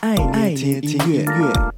愛捏聽音樂。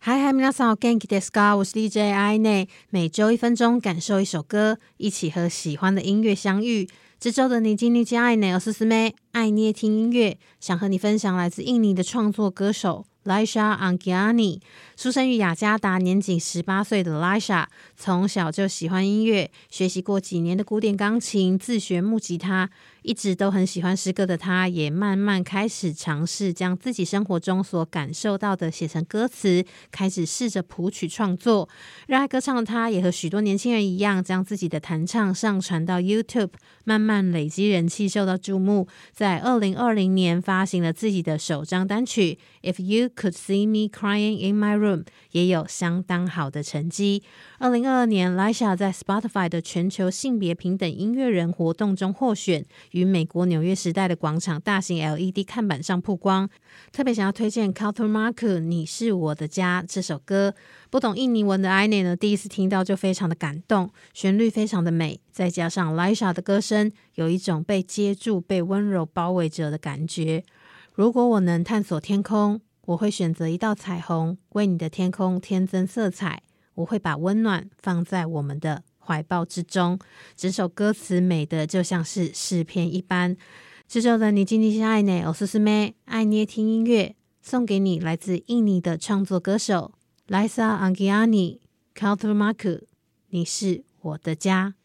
嗨嗨，皆さん，お元気ですか？我是 DJ 愛捏，每周一分鐘，感受一首歌，一起和喜歡的音樂相遇。這周的ニチニチアイネオススメ，今天 I 內我是 Smee，愛捏聽音樂，想和你分享來自印尼的創作歌手。Raissa Anggiani 出生於雅加達，年僅十八歲的 Raissa 從小就喜歡音樂，學習過幾年的古典鋼琴，自學木吉他，一直都很喜歡詩歌的她，也慢慢開始嘗試將自己生活中所感受到的寫成歌詞，開始試着譜曲創作。熱愛歌唱的她，也和許多年輕人一樣，將自己的彈唱上傳到 YouTube，慢慢累積人氣，受到注目。在二零二零年，發行了自己的首張單曲《If You》。Could see me crying in my room，也有相當好的成績。二零二二年，Raissa 在 Spotify 的全球性別平等音樂人活動中獲選，於美國紐約時代的廣場大型 LED 看板上曝光。特別想要推薦 Kau Rumahku《你是我的家》這首歌。不懂印尼文的愛妮呢，第一次聽到就非常的感動，旋律非常的美，再加上 Raissa 的歌聲，有一種被接住、被溫柔包圍着的感覺。如果我能探索天空。我會選擇一道彩虹，為你的天空添增色彩。我會把溫暖放在我們的懷抱之中。整首歌詞美的就像是詩篇一般。製作的你今天是愛呢，我是思妹，愛捏聽音樂，送給你來自印尼的創作歌手 Raissa Anggiani Kau Rumahku。你是我的家。